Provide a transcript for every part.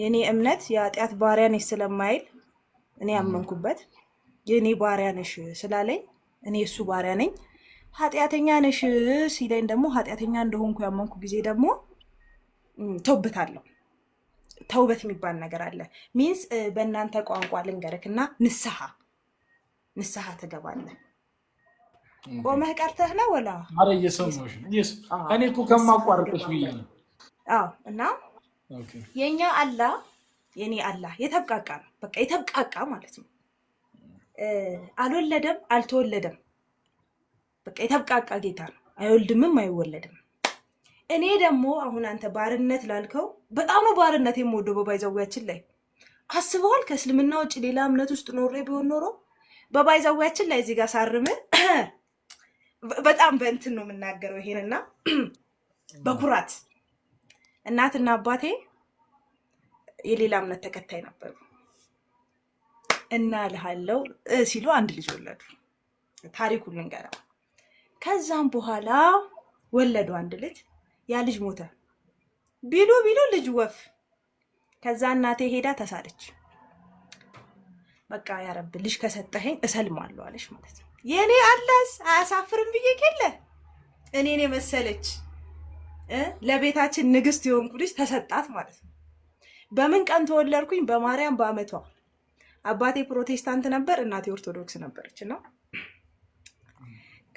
የእኔ እምነት የአጢአት ባሪያ ነሽ ስለማይል እኔ ያመንኩበት የእኔ ባሪያ ነሽ ስላለኝ እኔ እሱ ባሪያ ነኝ። ኃጢአተኛ ነሽ ሲለኝ ደግሞ ኃጢአተኛ እንደሆንኩ ያመንኩ ጊዜ ደግሞ ተውበታለሁ። ተውበት የሚባል ነገር አለ። ሚንስ በእናንተ ቋንቋ ልንገርክ እና ንስሐ ንስሐ ትገባለህ። ቆመህ ቀርተህ ነው ወላ? ኧረ እየሰማሁሽ ነው። እኔ እኮ ከማቋርጥሽ ብዬ ነው እና የእኛ አላህ የኔ አላህ የተብቃቃ ነው። በቃ የተብቃቃ ማለት ነው። አልወለደም፣ አልተወለደም። በቃ የተብቃቃ ጌታ ነው። አይወልድምም፣ አይወለድም። እኔ ደግሞ አሁን አንተ ባርነት ላልከው በጣም ነው ባርነት የምወደው። በባይዛዊያችን ላይ አስበዋል። ከእስልምና ውጭ ሌላ እምነት ውስጥ ኖሬ ቢሆን ኖሮ በባይዛዊያችን ላይ እዚህ ጋር ሳርም በጣም በእንትን ነው የምናገረው ይሄንና በኩራት እናትና አባቴ የሌላ እምነት ተከታይ ነበሩ እና ልሃለው ሲሉ አንድ ልጅ ወለዱ። ታሪኩን ልንገረው። ከዛም በኋላ ወለዱ አንድ ልጅ። ያ ልጅ ሞተ። ቢሉ ቢሉ ልጅ ወፍ። ከዛ እናቴ ሄዳ ተሳለች። በቃ ያረብ ልጅ ከሰጠኸኝ እሰልማለሁ አለች ማለት ነው። የእኔ አላስ አያሳፍርም ብዬ ከለ እኔን የመሰለች ለቤታችን ንግስት የሆንኩ ልጅ ተሰጣት ማለት ነው። በምን ቀን ተወለድኩኝ? በማርያም በአመቷ። አባቴ ፕሮቴስታንት ነበር፣ እናቴ ኦርቶዶክስ ነበረች እና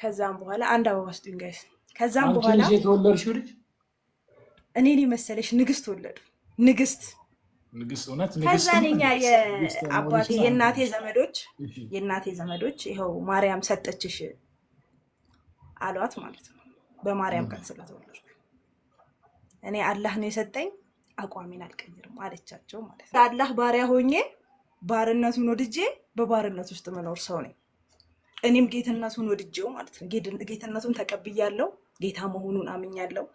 ከዛም በኋላ አንድ አበባ ስጡኝ ጋይስ። ከዛም በኋላ የተወለድሽ ልጅ እኔን የመሰለሽ ንግስት ወለዱ። ንግስት ከዛ እኔኛ የአባቴ የእናቴ ዘመዶች የእናቴ ዘመዶች ይኸው ማርያም ሰጠችሽ አሏት ማለት ነው። በማርያም ቀን ስለተወለድኩ እኔ አላህ ነው የሰጠኝ አቋሜን አልቀይርም አለቻቸው ማለት ነው። አላህ ባሪያ ሆኜ ባርነቱን ወድጄ በባርነት ውስጥ መኖር ሰው ነኝ። እኔም ጌትነቱን ወድጄው ማለት ነው። ጌትነቱን ተቀብያለው፣ ጌታ መሆኑን አምኛለው።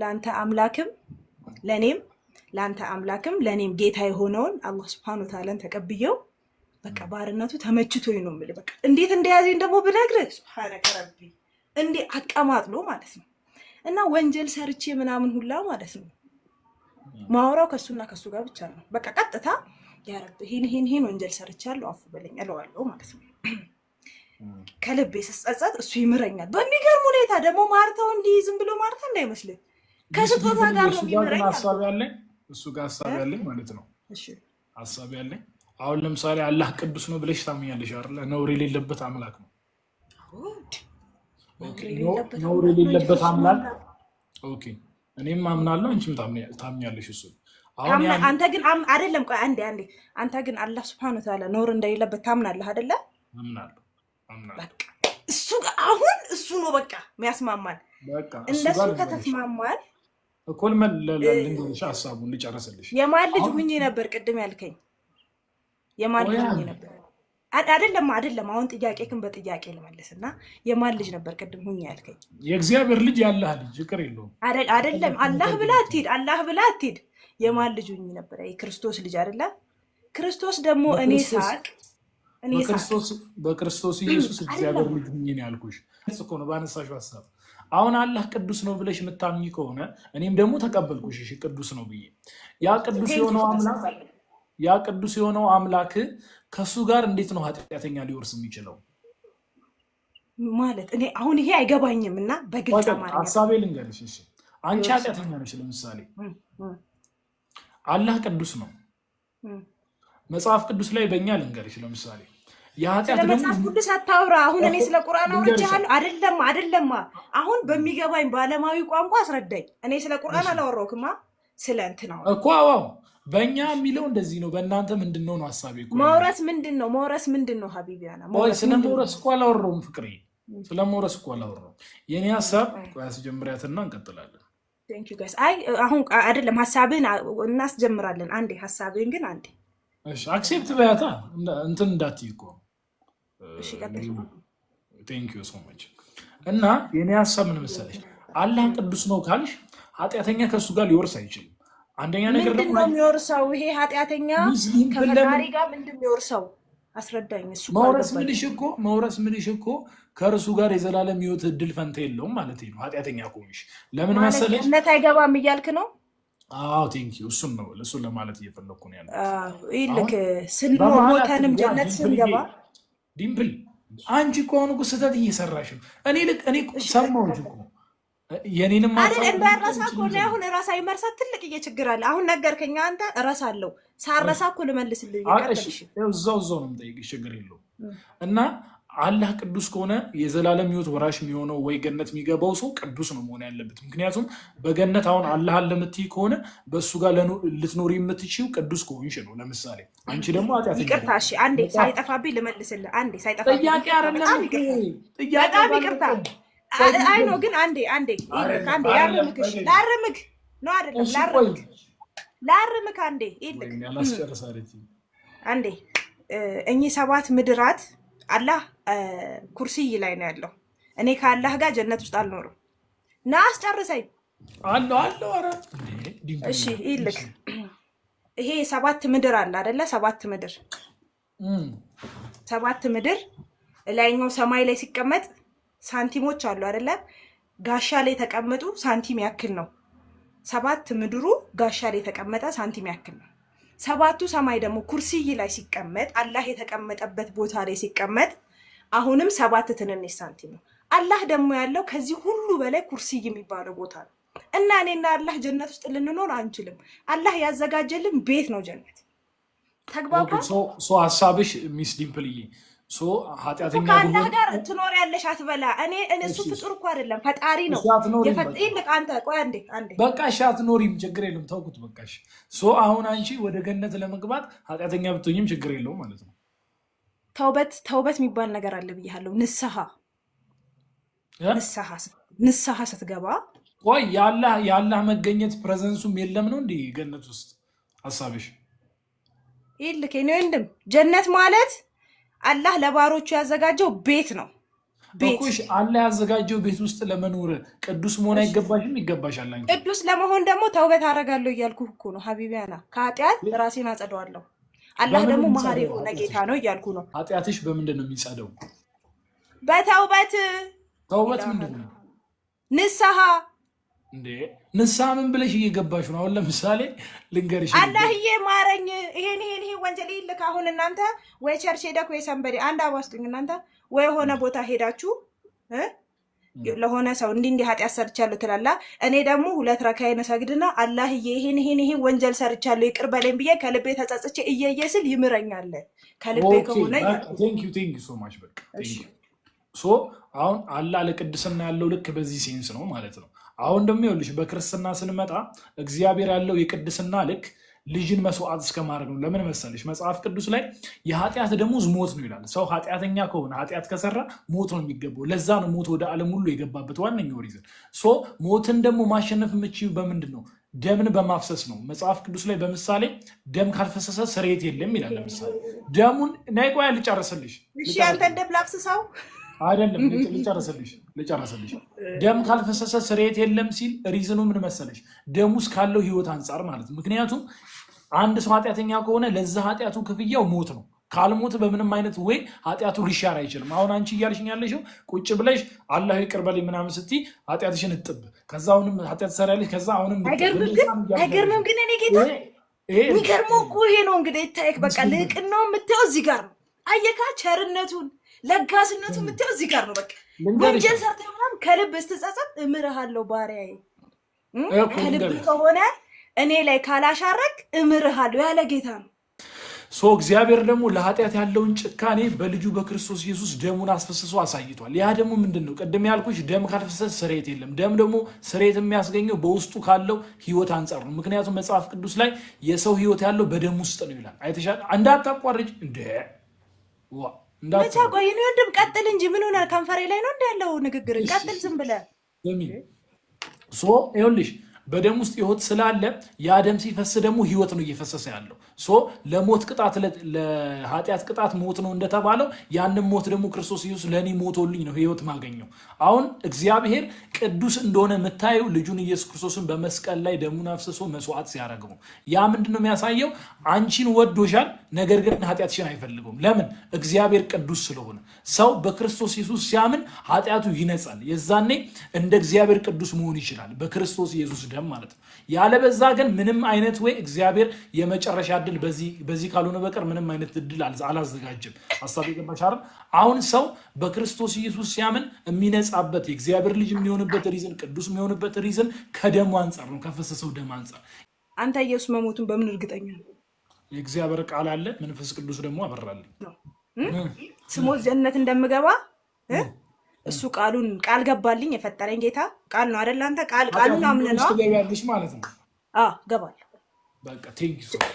ለአንተ አምላክም ለእኔም ለአንተ አምላክም ለእኔም ጌታ የሆነውን አላህ ስብሐነ ወተዓላን ተቀብየው በቃ ባርነቱ ተመችቶኝ ነው የምልህ። በቃ እንዴት እንደያዘኝ ደግሞ ብነግርህ ሱብሃነ ረቢ እንዴ አቀማጥሎ ማለት ነው እና ወንጀል ሰርቼ ምናምን ሁላ ማለት ነው ማውራው ከሱና ከሱ ጋር ብቻ ነው። በቃ ቀጥታ ያረብ ይሄን ይሄን ይሄን ወንጀል ሰርቻለሁ አፉ በለኝ እለዋለሁ ማለት ነው። ከልቤ ስጸጸት እሱ ይምረኛል። በሚገርም ሁኔታ ደግሞ ማርተው እንዲህ ዝም ብሎ ማርተ እንዳይመስልኝ ከስጦታ ጋር ነው የሚምረኝ። ሀሳብ ያለኝ እሱ ጋር ሀሳብ ያለኝ ማለት ነው። ሀሳብ ያለኝ አሁን ለምሳሌ አላህ ቅዱስ ነው ብለሽ ታምኛለሽ አይደለ? ነውር የሌለበት አምላክ ነው ነውር የሌለበት አምላክ ኦኬ። እኔም አምናለሁ፣ አንቺም ታምኛለሽ። እሱ አንተ ግን አይደለም። ቆይ አንዴ አንዴ፣ አንተ ግን አላህ ሱብሃነሁ ወተዓላ ኖር እንደሌለበት ታምናለህ አይደለ? እሱ አሁን እሱ ነው በቃ የሚያስማማን። እንደሱ ከተስማማል እኮል መለልሽ ሀሳቡን ልጨርስልሽ። የማን ልጅ ሁኜ ነበር ቅድም ያልከኝ? የማን ልጅ ሁኜ ነበር? አደለም አደለም። አሁን ጥያቄ ግን በጥያቄ ልመልስ እና የማን ልጅ ነበር ቅድም ሁኝ ያልከኝ? የእግዚአብሔር ልጅ ያላህ ልጅ ቅር የለውም። አደለም አላህ ብላ አትሂድ፣ አላህ ብላ አትሂድ። የማን ልጅ ሁኝ ነበረ? የክርስቶስ ልጅ አይደለም። ክርስቶስ ደግሞ እኔ ሳቅ በክርስቶስ ኢየሱስ እግዚአብሔር ልጅ ሁኝ ነው ያልኩሽ እኮ ነው ባነሳሽው ሀሳብ። አሁን አላህ ቅዱስ ነው ብለሽ የምታምኝ ከሆነ እኔም ደግሞ ተቀበልኩሽ ቅዱስ ነው ብዬ ያ ቅዱስ የሆነው አምላክ ያ ቅዱስ የሆነው አምላክ ከሱ ጋር እንዴት ነው ኃጢአተኛ ሊወርስ የሚችለው? ማለት እኔ አሁን ይሄ አይገባኝም እና በግልጽሀሳቤ ሀሳቤ ልንገርሽ። አንቺ ኃጢአተኛ ነች። ለምሳሌ አላህ ቅዱስ ነው። መጽሐፍ ቅዱስ ላይ በእኛ ልንገርሽ፣ ለምሳሌ መጽሐፍ ቅዱስ አታውራ። አሁን እኔ ስለ ቁርአን አውርቻለሁ። አደለማ አደለማ፣ አሁን በሚገባኝ በአለማዊ ቋንቋ አስረዳኝ። እኔ ስለ ቁርአን አላወራሁክማ ስለ እንትን እኮ በእኛ የሚለው እንደዚህ ነው። በእናንተ ምንድን ነው ነው ሀሳቤ። መውረስ ምንድን ነው? መውረስ ምንድን ነው? ሀቢቢያና ስለ መውረስ እኮ አላወራሁም ፍቅሬ፣ ስለ መውረስ እኮ አላወራሁም። የእኔ ሀሳብ ያስጀምሪያትና እንቀጥላለን። አይ አሁን አይደለም፣ ሀሳብህን እናስጀምራለን። አንዴ ሀሳብህን ግን አንዴ አክሴፕት በያታ እንትን እንዳትይ እኮ ቴንኪው ሶ ማች። እና የኔ ሀሳብ ምን መሰለሽ፣ አላህ ቅዱስ ነው ካልሽ ኃጢአተኛ ከእሱ ጋር ሊወርስ አይችልም። አንደኛ ነገር ምንድን ነው የሚወርሰው? ይሄ ኃጢአተኛ ከፈጣሪ ጋር ምንድን የሚወርሰው አስረዳኝ። እሱ መውረስ ምልሽ እኮ መውረስ ምልሽ እኮ ከእርሱ ጋር የዘላለም ህይወት እድል ፈንታ የለውም ማለት ነው። ኃጢአተኛ ቆሚሽ ለምን መሰለሽ? እምነት አይገባም እያልክ ነው? አዎ ቴንክ ዩ። እሱን ነው እሱን ለማለት እየፈለግኩ ነው ያለ። ይልክ ስንኖር ሞተንም ጀነት ስንገባ ዲምፕል፣ አንቺ እኮ አሁን እኮ ስህተት እየሰራሽ ነው። እኔ ልክ እኔ ሰማሁሽ እኮ የኔንም እንዳረሳ እኮ አሁን እራሳ ይመርሳት ትልቅ እየችግር አለ። አሁን ነገርከኝ አንተ እረሳለሁ። ሳረሳ እኮ ልመልስልኝ እዛው እዛው ነው የምጠይቅሽ፣ ችግር የለውም። እና አላህ ቅዱስ ከሆነ የዘላለም ሕይወት ወራሽ የሚሆነው ወይ ገነት የሚገባው ሰው ቅዱስ ነው መሆን ያለበት። ምክንያቱም በገነት አሁን አላህ ለምትይ ከሆነ በእሱ ጋር ልትኖሪ የምትችው ቅዱስ ከሆንሽ ነው። ለምሳሌ አንቺ ደግሞ ይቅርታ። አንዴ ሳይጠፋብኝ ልመልስልህ። አንዴ ሳይጠፋብኝ ጥያቄ አይ ነው ግን አንዴ አንዴ አንዴ ላርምክሽ ላርምክ ነው አይደለም ላርምክ ላርምክ አንዴ አንዴ እኚህ ሰባት ምድራት አላህ ኩርሲይ ላይ ነው ያለው። እኔ ከአላህ ጋር ጀነት ውስጥ አልኖርም። ና አስጨርሰኝ ኧረ እሺ ይልክ ይሄ ሰባት ምድር አለ አይደለ? ሰባት ምድር ሰባት ምድር ላይኛው ሰማይ ላይ ሲቀመጥ ሳንቲሞች አሉ አይደለ? ጋሻ ላይ የተቀመጡ ሳንቲም ያክል ነው። ሰባት ምድሩ ጋሻ ላይ የተቀመጠ ሳንቲም ያክል ነው። ሰባቱ ሰማይ ደግሞ ኩርሲይ ላይ ሲቀመጥ አላህ የተቀመጠበት ቦታ ላይ ሲቀመጥ አሁንም ሰባት ትንንሽ ሳንቲም ነው። አላህ ደግሞ ያለው ከዚህ ሁሉ በላይ ኩርሲይ የሚባለው ቦታ ነው እና እኔና አላህ ጀነት ውስጥ ልንኖር አንችልም። አላህ ያዘጋጀልን ቤት ነው ጀነት። ተግባባ ሀሳብሽ ሚስ ዲምፕልዬ ከአላህ ጋር ትኖሪያለሽ አትበላ። እኔ እሱ ፍጡር እኮ አይደለም ፈጣሪ ነው። አንተ ቆይ አንዴ አንዴ በቃ እሺ፣ አትኖሪም ችግር የለም ተውኩት። በቃ እሺ፣ አሁን አንቺ ወደ ገነት ለመግባት ኃጢአተኛ ብትሆኝም ችግር የለውም ማለት ነው። ተውበት ተውበት የሚባል ነገር አለ ብያለሁ። ንስሐ ንስሐ ስትገባ ቆይ የአላህ መገኘት ፕሬዘንሱም የለም ነው ገነት ውስጥ ሀሳብሽ ይልክ ወንድም ጀነት ማለት አላህ ለባሮቹ ያዘጋጀው ቤት ነው። ቤትሽ አላህ ያዘጋጀው ቤት ውስጥ ለመኖር ቅዱስ መሆን አይገባሽም? ይገባሻል። ቅዱስ ለመሆን ደግሞ ተውበት አደርጋለሁ እያልኩ እኮ ነው። ሀቢቢያና ከኃጢአት ራሴን አጸደዋለሁ። አላህ ደግሞ መሀሪ የሆነ ጌታ ነው እያልኩ ነው። ኃጢአትሽ በምንድን ነው የሚጸደው? በተውበት። ተውበት ምንድን ነው? ንስሐ እንዴ ንስሐ ምን ብለሽ እየገባሽ ነው? አሁን ለምሳሌ ልንገርሽ፣ አላህዬ ማረኝ፣ ይሄን ይሄን ይሄ ወንጀል ይልክ። አሁን እናንተ ወይ ቸርች ሄደክ ወይ ሰንበዴ አንድ አባስጡኝ። እናንተ ወይ የሆነ ቦታ ሄዳችሁ ለሆነ ሰው እንዲህ እንዲህ ኃጢአት ሰርቻለሁ ትላላ። እኔ ደግሞ ሁለት ረካዬን እሰግድና አላህዬ ይሄን ይሄን ይሄን ወንጀል ሰርቻለሁ ይቅር በለኝ ብዬ ከልቤ ተጸጽቼ እየየ ስል ይምረኛል። ከልቤ ከሆነ ሶ አሁን አላህ ለቅድስና ያለው ልክ በዚህ ሴንስ ነው ማለት ነው። አሁን ደግሞ ይኸውልሽ በክርስትና ስንመጣ እግዚአብሔር ያለው የቅድስና ልክ ልጅን መስዋዕት እስከማድረግ ነው። ለምን መሰለሽ መጽሐፍ ቅዱስ ላይ የኃጢአት ደሞዝ ሞት ነው ይላል። ሰው ኃጢአተኛ ከሆነ ኃጢአት ከሰራ ሞት ነው የሚገባው። ለዛ ነው ሞት ወደ ዓለም ሁሉ የገባበት ዋነኛው ሪዝን። ሶ ሞትን ደግሞ ማሸነፍ የምችይው በምንድን ነው? ደምን በማፍሰስ ነው። መጽሐፍ ቅዱስ ላይ በምሳሌ ደም ካልፈሰሰ ስርየት የለም ይላል። ለምሳሌ ደሙን ናይቆያ ልጨርስልሽ። እሺ አንተ ደም ላፍስሰው አይደለም ልጨረስልሽ ልጨረስልሽ። ደም ካልፈሰሰ ስርየት የለም ሲል ሪዝኑ ምን መሰለሽ? ደም ውስጥ ካለው ህይወት አንጻር ማለት ምክንያቱም አንድ ሰው ኃጢአተኛ ከሆነ ለዛ ኃጢአቱ ክፍያው ሞት ነው። ካልሞት በምንም አይነት ወይ ኃጢአቱ ሊሻር አይችልም። አሁን አንቺ እያልሽኝ ያለሽው ቁጭ ብለሽ አላህ ይቅር በለኝ ምናምን ስትይ ኃጢአትሽን እጥብ፣ ከዛ አሁንም ኃጢአት ትሰሪያለሽ፣ ከዛ አሁንም አይገርምም። ግን እኔ ጌታ የሚገርመው እኮ ይሄ ነው እንግዲህ ይታየክ፣ በቃ ልቅ ነው የምታየው እዚህ ጋር ነው። አየካ ቸርነቱን ለጋስነቱ የምታየው እዚህ ጋር ነው። በቃ ወንጀል ሰርተህ ምናምን ከልብ ስትጸጸት እምርሃለሁ ባሪያዬ፣ ከልብ ከሆነ እኔ ላይ ካላሻረክ እምርሃለሁ ያለ ጌታ ነው። ሶ እግዚአብሔር ደግሞ ለኃጢአት ያለውን ጭካኔ በልጁ በክርስቶስ ኢየሱስ ደሙን አስፈስሶ አሳይቷል። ያ ደግሞ ምንድን ነው? ቅድም ያልኩሽ ደም ካልፈሰስ ስሬት የለም። ደም ደግሞ ስሬት የሚያስገኘው በውስጡ ካለው ህይወት አንጻር ነው። ምክንያቱም መጽሐፍ ቅዱስ ላይ የሰው ህይወት ያለው በደም ውስጥ ነው ይላል። አይተሻል። እንዳታቋርጭ እንደ መቻ ቆይ ነው ወንድም፣ ቀጥል እንጂ ምን ሆናል? ከንፈሬ ላይ ነው ንግግር። ቀጥል ዝም ብለህ ሶ ይኸውልሽ በደም ውስጥ ህይወት ስላለ ያ ደም ሲፈስ ደግሞ ህይወት ነው እየፈሰሰ ያለው። ሶ ለሞት ቅጣት ለኃጢአት ቅጣት ሞት ነው እንደተባለው ያንም ሞት ደግሞ ክርስቶስ ኢየሱስ ለእኔ ሞቶልኝ ነው ህይወት ማገኘው። አሁን እግዚአብሔር ቅዱስ እንደሆነ የምታየው ልጁን ኢየሱስ ክርስቶስን በመስቀል ላይ ደሙን አፍስሶ መስዋዕት ሲያደርገው ያ ምንድን ነው የሚያሳየው? አንቺን ወዶሻል፣ ነገር ግን ኃጢአትሽን አይፈልገውም። ለምን? እግዚአብሔር ቅዱስ ስለሆነ። ሰው በክርስቶስ ኢየሱስ ሲያምን ኃጢአቱ ይነጻል። የዛኔ እንደ እግዚአብሔር ቅዱስ መሆን ይችላል በክርስቶስ ኢየሱስ አይደለም ማለት ነው። ያለበዛ ግን ምንም አይነት ወይ እግዚአብሔር የመጨረሻ እድል በዚህ ካልሆነ በቀር ምንም አይነት እድል አላዘጋጅም። ሀሳብ የገባሽ አሁን ሰው በክርስቶስ ኢየሱስ ሲያምን የሚነጻበት የእግዚአብሔር ልጅ የሚሆንበት ሪዝን ቅዱስ የሚሆንበት ሪዝን ከደሙ አንጻር ነው፣ ከፈሰሰው ደም አንጻር። አንተ ኢየሱስ መሞቱን በምን እርግጠኛ ነው? የእግዚአብሔር ቃል አለ፣ መንፈስ ቅዱስ ደግሞ አበራልኝ ስሞት ጀነት እንደምገባ እሱ ቃሉን ቃል ገባልኝ የፈጠረኝ ጌታ ቃል ነው አደለ አንተ ቃል ቃሉን አምነህ ነው ማለት ነው። ገባለሁ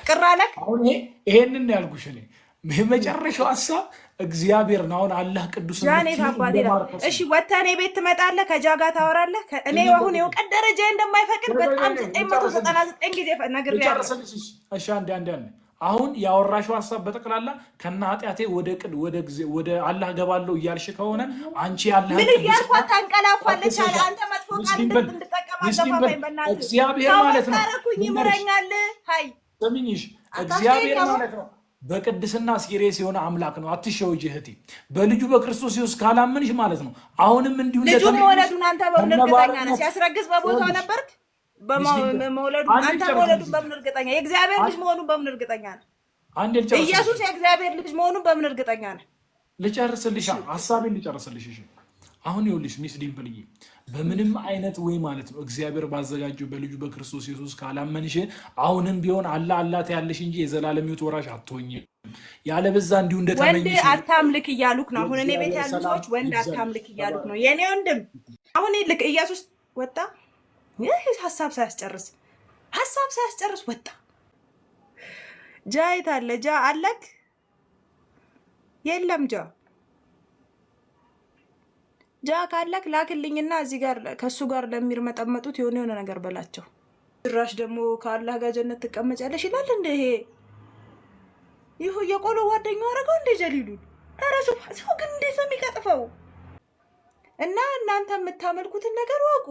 ቅር አለ። ይሄንን ያልኩሽ እኔ የመጨረሻው ሀሳብ እግዚአብሔር ነው። አሁን አላህ ቅዱስ እሺ፣ ወተህ እኔ ቤት ትመጣለህ፣ ጋር ታወራለህ። እኔ አሁን የእውቀት ደረጃ እንደማይፈቅድ በጣም 999 ጊዜ ነግሬያለሁ። አሁን ያወራሽው ሀሳብ በጠቅላላ ከና ኃጢአቴ ወደ ቅድ ወደ ወደ አላህ ገባለሁ እያልሽ ከሆነ አንቺ ያለህ እግዚአብሔር ማለት ነው። ሰሚኝሽ እግዚአብሔር ማለት ነው። በቅድስና ሲሬስ የሆነ አምላክ ነው። አትሸውጅ ጅህቲ በልጁ በክርስቶስ ኢየሱስ ካላምንሽ ማለት ነው አሁንም እንዲሁ ልጁ መወለዱን አንተ በእውነት እርግጠኛ ነህ። ሲያስረግዝ በቦታው ነበርክ በመውለዱ አንተ መውለዱን በምን እርግጠኛ የእግዚአብሔር ልጅ መሆኑን በምን እርግጠኛ ነህ? ኢየሱስ የእግዚአብሔር ልጅ መሆኑን በምን እርግጠኛ ነህ? ልጨርስልሽ፣ ሀሳቤን ልጨርስልሽ። እሺ አሁን ይኸውልሽ ሚስ ዲምፕልዬ በምንም አይነት ወይ ማለት ነው እግዚአብሔር ባዘጋጀው በልጁ በክርስቶስ ኢየሱስ ካላመንሽ አሁንም ቢሆን አላ አላት ያለሽ እንጂ የዘላለም ሕይወት ወራሽ አትሆኝም። ያለበዛ እንዲሁ እንደተመኝ ወንድ አታምልክ እያሉክ ነው። አሁን እኔ ቤት ያሉ ሰዎች ወንድ አታምልክ እያሉክ ነው። የእኔ ወንድም አሁን ልክ ኢየሱስ ወጣ ይህ ሀሳብ ሳያስጨርስ ሀሳብ ሳያስጨርስ ወጣ። ጃ የት አለ? ጃ አለክ? የለም ጃ ጃ ካለክ ላክልኝና እዚህ ጋር ከእሱ ጋር ለሚርመጠመጡት የሆነ የሆነ ነገር በላቸው። ጭራሽ ደግሞ ከአላህ ጋር ጀነት ትቀመጫለሽ ይላል። እንደ ይሄ ይሁ የቆሎ ጓደኛው አረገው እንደ ጀሊሉን ረሱ ሰው ግን እንዴት ነው የሚቀጥፈው? እና እናንተ የምታመልኩትን ነገር ወቁ።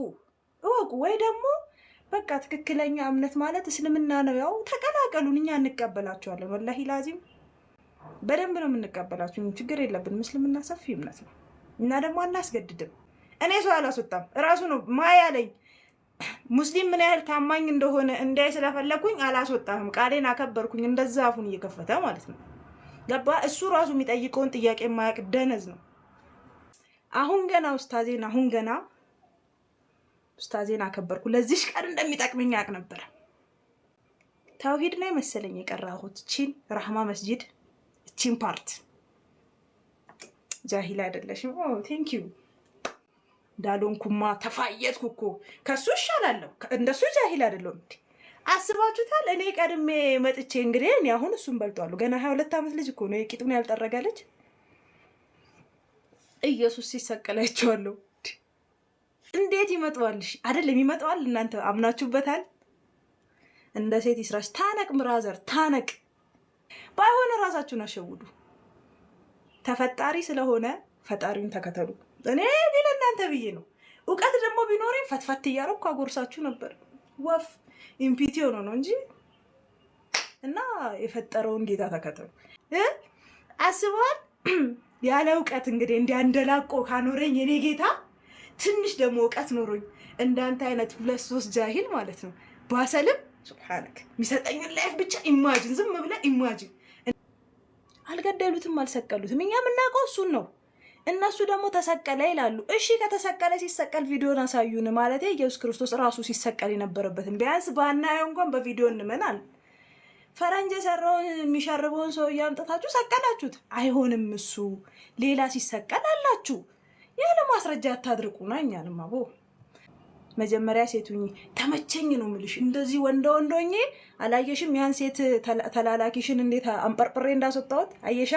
እወቁ። ወይ ደግሞ በቃ ትክክለኛ እምነት ማለት እስልምና ነው። ያው ተቀላቀሉን፣ እኛ እንቀበላቸዋለን። ወላሂ ላዚም በደንብ ነው የምንቀበላቸው። ችግር የለብንም። እስልምና ሰፊ እምነት ነው እና ደግሞ አናስገድድም። እኔ ሰው አላስወጣም። እራሱ ነው ማያለኝ ሙስሊም ምን ያህል ታማኝ እንደሆነ እንዳይ ስለፈለግኩኝ አላስወጣም። ቃሌን አከበርኩኝ። እንደዛ አፉን እየከፈተ ማለት ነው። ገባ እሱ ራሱ የሚጠይቀውን ጥያቄ የማያውቅ ደነዝ ነው። አሁን ገና ውስታዜን አሁን ገና ኡስታዜን አከበርኩ። ለዚሽ ቀን እንደሚጠቅመኝ ያቅ ነበር። ተውሂድ ላይ መሰለኝ የቀራሁት ቺን ራህማ መስጂድ ቺን ፓርት ጃሂል አይደለሽም። ኦ ቴንክ ዩ ዳሎንኩማ ተፋየትኩ እኮ ከሱ ይሻላለሁ። እንደሱ ጃሂል አይደለሁም። እንዲ አስባችሁታል። እኔ ቀድሜ መጥቼ እንግዲህ እኔ አሁን እሱን በልጧሉ። ገና ሀያ ሁለት ዓመት ልጅ እኮ ነው። የቂጡን ያልጠረጋለች ኢየሱስ ሲሰቀላቸዋለሁ እንዴት ይመጣዋልሽ? አይደለም ይመጣዋል። እናንተ አምናችሁበታል። እንደ ሴት ይስራሽ። ታነቅ ምራዘር ታነቅ። ባይሆን እራሳችሁን አሸውዱ። ተፈጣሪ ስለሆነ ፈጣሪውን ተከተሉ። እኔ ቢለ እናንተ ብዬ ነው። እውቀት ደግሞ ቢኖረኝ ፈትፈት እያረኩ አጎርሳችሁ ነበር። ወፍ ኢምፒቲ ሆኖ ነው እንጂ እና የፈጠረውን ጌታ ተከተሉ። አስበዋል ያለ እውቀት እንግዲህ እንዲያንደላቆ ካኖረኝ የኔ ጌታ ትንሽ ደግሞ እውቀት ኖሮኝ እንዳንተ አይነት ሁለት ሶስት ጃሂል ማለት ነው ባሰልም ሱብሓነክ የሚሰጠኝን ላይፍ ብቻ ኢማጅን ዝም ብለህ ኢማጅን አልገደሉትም፣ አልሰቀሉትም። እኛ የምናውቀው እሱን ነው። እነሱ ደግሞ ተሰቀለ ይላሉ። እሺ ከተሰቀለ ሲሰቀል ቪዲዮን አሳዩን። ማለት ኢየሱስ ክርስቶስ ራሱ ሲሰቀል የነበረበትን ቢያንስ ባናየው እንኳን በቪዲዮ እንመናል። ፈረንጅ የሰራውን የሚሸርበውን ሰው እያምጥታችሁ ሰቀላችሁት። አይሆንም። እሱ ሌላ ሲሰቀል አላችሁ ያለ ማስረጃ አታድርቁና እኛንም አቦ መጀመሪያ ሴቱኝ ተመቸኝ ነው ምልሽ። እንደዚህ ወንደ ወንዶኜ አላየሽም? ያን ሴት ተላላኪሽን እንዴት አንጠርጥሬ እንዳስወጣሁት አየሻ።